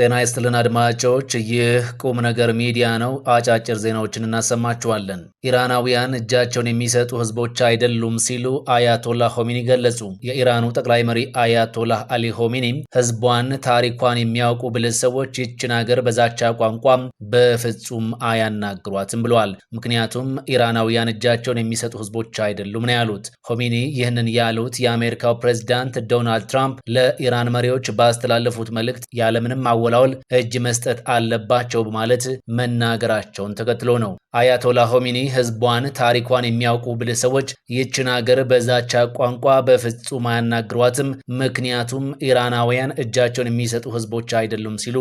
ጤና ይስጥልን አድማጮች፣ ይህ ቁም ነገር ሚዲያ ነው። አጫጭር ዜናዎችን እናሰማችኋለን። ኢራናውያን እጃቸውን የሚሰጡ ህዝቦች አይደሉም ሲሉ አያቶላ ሆሚኒ ገለጹ። የኢራኑ ጠቅላይ መሪ አያቶላህ አሊ ሆሚኒ ህዝቧን፣ ታሪኳን የሚያውቁ ብልህ ሰዎች ይችን አገር በዛቻ ቋንቋም በፍጹም አያናግሯትም ብለዋል። ምክንያቱም ኢራናውያን እጃቸውን የሚሰጡ ህዝቦች አይደሉም ነው ያሉት። ሆሚኒ ይህንን ያሉት የአሜሪካው ፕሬዚዳንት ዶናልድ ትራምፕ ለኢራን መሪዎች ባስተላለፉት መልእክት ያለምንም በማወላወል እጅ መስጠት አለባቸው በማለት መናገራቸውን ተከትሎ ነው። አያቶላ ሆሚኒ ህዝቧን ታሪኳን የሚያውቁ ብልህ ሰዎች ይችን አገር በዛቻ ቋንቋ በፍጹም አያናግሯትም፣ ምክንያቱም ኢራናውያን እጃቸውን የሚሰጡ ህዝቦች አይደሉም ሲሉ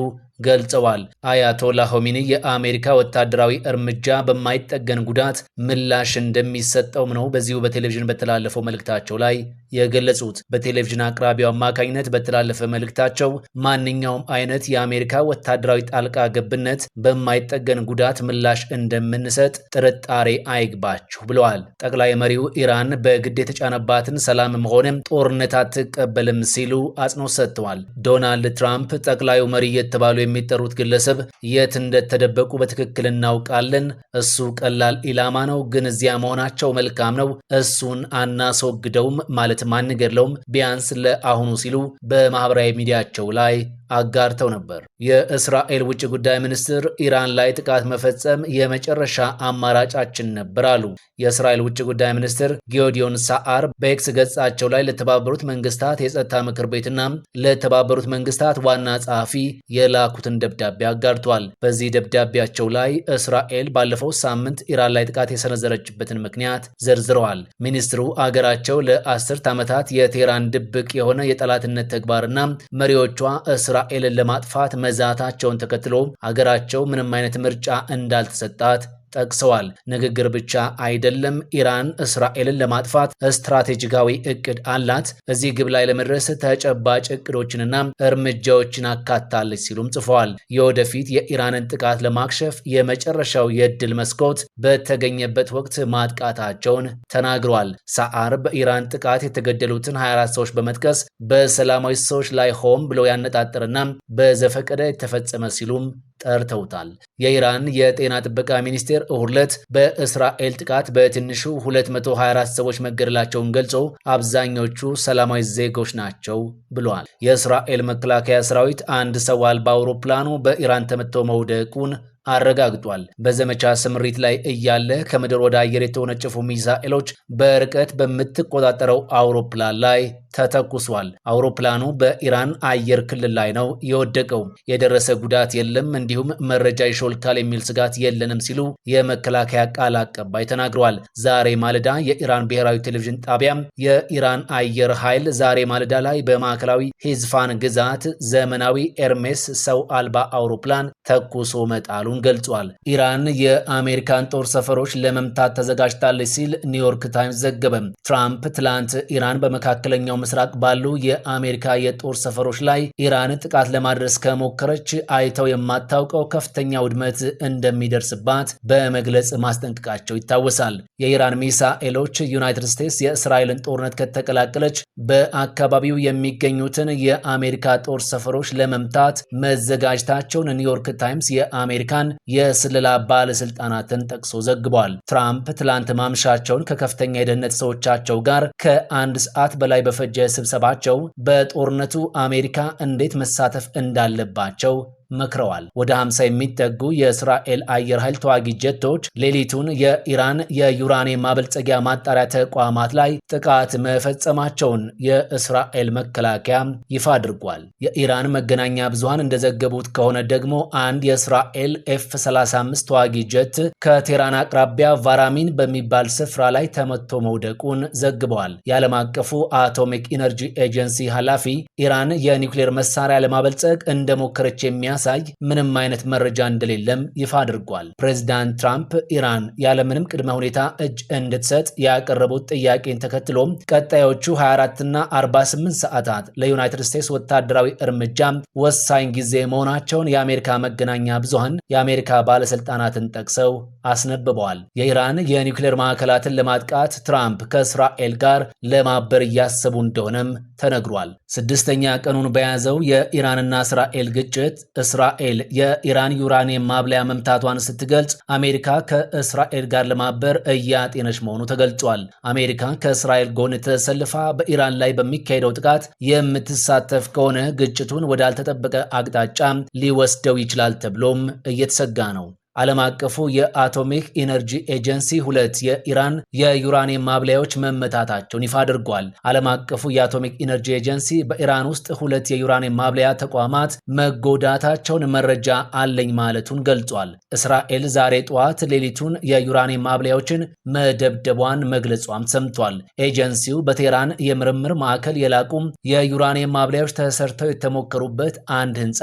ገልጸዋል። አያቶላ ሆሚኒ የአሜሪካ ወታደራዊ እርምጃ በማይጠገን ጉዳት ምላሽ እንደሚሰጠውም ነው በዚሁ በቴሌቪዥን በተላለፈው መልእክታቸው ላይ የገለጹት። በቴሌቪዥን አቅራቢው አማካኝነት በተላለፈ መልእክታቸው ማንኛውም አይነት የአሜሪካ ወታደራዊ ጣልቃ ገብነት በማይጠገን ጉዳት ምላሽ እንደምንሰጥ ጥርጣሬ አይግባችሁ ብለዋል። ጠቅላይ መሪው ኢራን በግድ የተጫነባትን ሰላምም ሆነ ጦርነት አትቀበልም ሲሉ አጽንኦት ሰጥተዋል። ዶናልድ ትራምፕ ጠቅላዩ መሪ የተባሉ የሚጠሩት ግለሰብ የት እንደተደበቁ በትክክል እናውቃለን። እሱ ቀላል ኢላማ ነው፣ ግን እዚያ መሆናቸው መልካም ነው። እሱን አናስወግደውም፣ ማለትም አንገድለውም፣ ቢያንስ ለአሁኑ ሲሉ በማህበራዊ ሚዲያቸው ላይ አጋርተው ነበር። የእስራኤል ውጭ ጉዳይ ሚኒስትር ኢራን ላይ ጥቃት መፈጸም የመጨረሻ አማራጫችን ነበር አሉ። የእስራኤል ውጭ ጉዳይ ሚኒስትር ጊዮዲዮን ሳአር በኤክስ ገጻቸው ላይ ለተባበሩት መንግስታት የጸጥታ ምክር ቤትና ለተባበሩት መንግስታት ዋና ጸሐፊ የላኩትን ደብዳቤ አጋርቷል። በዚህ ደብዳቤያቸው ላይ እስራኤል ባለፈው ሳምንት ኢራን ላይ ጥቃት የሰነዘረችበትን ምክንያት ዘርዝረዋል። ሚኒስትሩ አገራቸው ለአስርት ዓመታት የቴህራን ድብቅ የሆነ የጠላትነት ተግባርና መሪዎቿ እስራ እስራኤልን ለማጥፋት መዛታቸውን ተከትሎ አገራቸው ምንም አይነት ምርጫ እንዳልተሰጣት ጠቅሰዋል። ንግግር ብቻ አይደለም፣ ኢራን እስራኤልን ለማጥፋት ስትራቴጂካዊ እቅድ አላት። እዚህ ግብ ላይ ለመድረስ ተጨባጭ እቅዶችንና እርምጃዎችን አካታለች ሲሉም ጽፈዋል። የወደፊት የኢራንን ጥቃት ለማክሸፍ የመጨረሻው የድል መስኮት በተገኘበት ወቅት ማጥቃታቸውን ተናግሯል። ሳአር በኢራን ጥቃት የተገደሉትን 24 ሰዎች በመጥቀስ በሰላማዊ ሰዎች ላይ ሆም ብለው ያነጣጠረና በዘፈቀደ የተፈጸመ ሲሉም ጠርተውታል። የኢራን የጤና ጥበቃ ሚኒስቴር አስተዳደር እሁድ ዕለት በእስራኤል ጥቃት በትንሹ 224 ሰዎች መገደላቸውን ገልጾ አብዛኞቹ ሰላማዊ ዜጎች ናቸው ብሏል። የእስራኤል መከላከያ ሰራዊት አንድ ሰው አልባ አውሮፕላኑ በኢራን ተመቶ መውደቁን አረጋግጧል። በዘመቻ ስምሪት ላይ እያለ ከምድር ወደ አየር የተወነጨፉ ሚሳኤሎች በርቀት በምትቆጣጠረው አውሮፕላን ላይ ተተኩሷል። አውሮፕላኑ በኢራን አየር ክልል ላይ ነው የወደቀው። የደረሰ ጉዳት የለም፣ እንዲሁም መረጃ ይሾልካል የሚል ስጋት የለንም ሲሉ የመከላከያ ቃል አቀባይ ተናግረዋል። ዛሬ ማለዳ የኢራን ብሔራዊ ቴሌቪዥን ጣቢያ የኢራን አየር ኃይል ዛሬ ማለዳ ላይ በማዕከላዊ ሂዝፋን ግዛት ዘመናዊ ኤርሜስ ሰው አልባ አውሮፕላን ተኩሶ መጣሉን ገልጿል። ኢራን የአሜሪካን ጦር ሰፈሮች ለመምታት ተዘጋጅታለች ሲል ኒውዮርክ ታይምስ ዘገበ። ትራምፕ ትላንት ኢራን በመካከለኛው ምስራቅ ባሉ የአሜሪካ የጦር ሰፈሮች ላይ ኢራን ጥቃት ለማድረስ ከሞከረች አይተው የማታውቀው ከፍተኛ ውድመት እንደሚደርስባት በመግለጽ ማስጠንቀቃቸው ይታወሳል። የኢራን ሚሳኤሎች ዩናይትድ ስቴትስ የእስራኤልን ጦርነት ከተቀላቀለች በአካባቢው የሚገኙትን የአሜሪካ ጦር ሰፈሮች ለመምታት መዘጋጀታቸውን ኒውዮርክ ታይምስ የአሜሪካን የስለላ ባለስልጣናትን ጠቅሶ ዘግቧል። ትራምፕ ትላንት ማምሻቸውን ከከፍተኛ የደህንነት ሰዎቻቸው ጋር ከአንድ ሰዓት በላይ በፈ በተደራጀ ስብሰባቸው በጦርነቱ አሜሪካ እንዴት መሳተፍ እንዳለባቸው መክረዋል። ወደ 50 የሚጠጉ የእስራኤል አየር ኃይል ተዋጊ ጀቶች ሌሊቱን የኢራን የዩራኒየም ማበልጸጊያ ማጣሪያ ተቋማት ላይ ጥቃት መፈጸማቸውን የእስራኤል መከላከያ ይፋ አድርጓል። የኢራን መገናኛ ብዙሃን እንደዘገቡት ከሆነ ደግሞ አንድ የእስራኤል ኤፍ 35 ተዋጊ ጀት ከቴራን አቅራቢያ ቫራሚን በሚባል ስፍራ ላይ ተመቶ መውደቁን ዘግበዋል። የዓለም አቀፉ አቶሚክ ኢነርጂ ኤጀንሲ ኃላፊ ኢራን የኒውክሌር መሳሪያ ለማበልጸግ እንደሞከረች የሚያ የሚያሳይ ምንም አይነት መረጃ እንደሌለም ይፋ አድርጓል። ፕሬዚዳንት ትራምፕ ኢራን ያለምንም ቅድመ ሁኔታ እጅ እንድትሰጥ ያቀረቡት ጥያቄን ተከትሎም ቀጣዮቹ 24ና 48 ሰዓታት ለዩናይትድ ስቴትስ ወታደራዊ እርምጃ ወሳኝ ጊዜ መሆናቸውን የአሜሪካ መገናኛ ብዙሃን የአሜሪካ ባለስልጣናትን ጠቅሰው አስነብበዋል። የኢራን የኒውክሌር ማዕከላትን ለማጥቃት ትራምፕ ከእስራኤል ጋር ለማበር እያሰቡ እንደሆነም ተነግሯል። ስድስተኛ ቀኑን በያዘው የኢራንና እስራኤል ግጭት እስራኤል የኢራን ዩራኒየም ማብለያ መምታቷን ስትገልጽ አሜሪካ ከእስራኤል ጋር ለማበር እያጤነች መሆኑ ተገልጿል። አሜሪካ ከእስራኤል ጎን ተሰልፋ በኢራን ላይ በሚካሄደው ጥቃት የምትሳተፍ ከሆነ ግጭቱን ወዳልተጠበቀ አቅጣጫ ሊወስደው ይችላል ተብሎም እየተሰጋ ነው። ዓለም አቀፉ የአቶሚክ ኢነርጂ ኤጀንሲ ሁለት የኢራን የዩራኒየም ማብለያዎች መመታታቸውን ይፋ አድርጓል። ዓለም አቀፉ የአቶሚክ ኢነርጂ ኤጀንሲ በኢራን ውስጥ ሁለት የዩራኒየም ማብለያ ተቋማት መጎዳታቸውን መረጃ አለኝ ማለቱን ገልጿል። እስራኤል ዛሬ ጠዋት ሌሊቱን የዩራኒየም ማብለያዎችን መደብደቧን መግለጿም ሰምቷል። ኤጀንሲው በቴህራን የምርምር ማዕከል የላቁም የዩራኒየም ማብለያዎች ተሰርተው የተሞከሩበት አንድ ህንፃ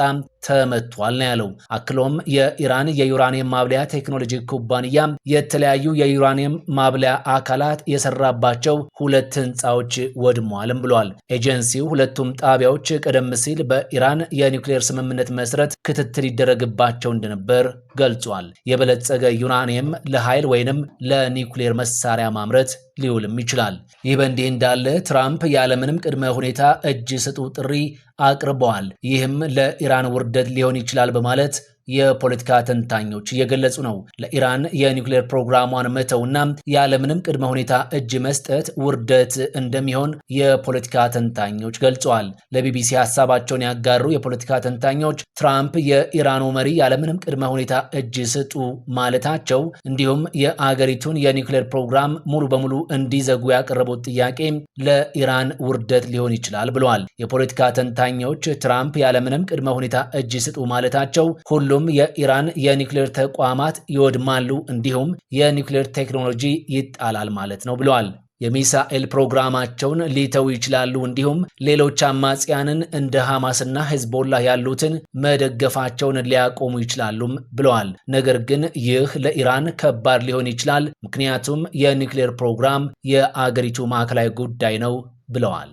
ተመቷል ነው ያለው። አክሎም የኢራን የዩራኒየም ማብለያ ቴክኖሎጂ ኩባንያ የተለያዩ የዩራኒየም ማብለያ አካላት የሰራባቸው ሁለት ህንፃዎች ወድመዋልም ብሏል። ኤጀንሲው ሁለቱም ጣቢያዎች ቀደም ሲል በኢራን የኒውክሌር ስምምነት መሰረት ክትትል ይደረግባቸው እንደነበር ገልጿል። የበለጸገ ዩራኒየም ለኃይል ወይንም ለኒውክሌር መሳሪያ ማምረት ሊውልም ይችላል። ይህ በእንዲህ እንዳለ ትራምፕ ያለምንም ቅድመ ሁኔታ እጅ ስጡ ጥሪ አቅርበዋል። ይህም ለኢራን ውርደት ሊሆን ይችላል በማለት የፖለቲካ ተንታኞች እየገለጹ ነው። ለኢራን የኒውክሌር ፕሮግራሟን መተውና ያለምንም ቅድመ ሁኔታ እጅ መስጠት ውርደት እንደሚሆን የፖለቲካ ተንታኞች ገልጸዋል። ለቢቢሲ ሀሳባቸውን ያጋሩ የፖለቲካ ተንታኞች ትራምፕ የኢራኑ መሪ ያለምንም ቅድመ ሁኔታ እጅ ስጡ ማለታቸው እንዲሁም የአገሪቱን የኒውክሌር ፕሮግራም ሙሉ በሙሉ እንዲዘጉ ያቀረቡት ጥያቄ ለኢራን ውርደት ሊሆን ይችላል ብለዋል። የፖለቲካ ተንታኞች ትራምፕ ያለምንም ቅድመ ሁኔታ እጅ ስጡ ማለታቸው ሁሉ እንዲሁም የኢራን የኒውክሌር ተቋማት ይወድማሉ፣ እንዲሁም የኒውክሌር ቴክኖሎጂ ይጣላል ማለት ነው ብለዋል። የሚሳኤል ፕሮግራማቸውን ሊተው ይችላሉ፣ እንዲሁም ሌሎች አማጽያንን እንደ ሐማስና ሂዝቦላ ያሉትን መደገፋቸውን ሊያቆሙ ይችላሉም ብለዋል። ነገር ግን ይህ ለኢራን ከባድ ሊሆን ይችላል፣ ምክንያቱም የኒውክሌር ፕሮግራም የአገሪቱ ማዕከላዊ ጉዳይ ነው ብለዋል።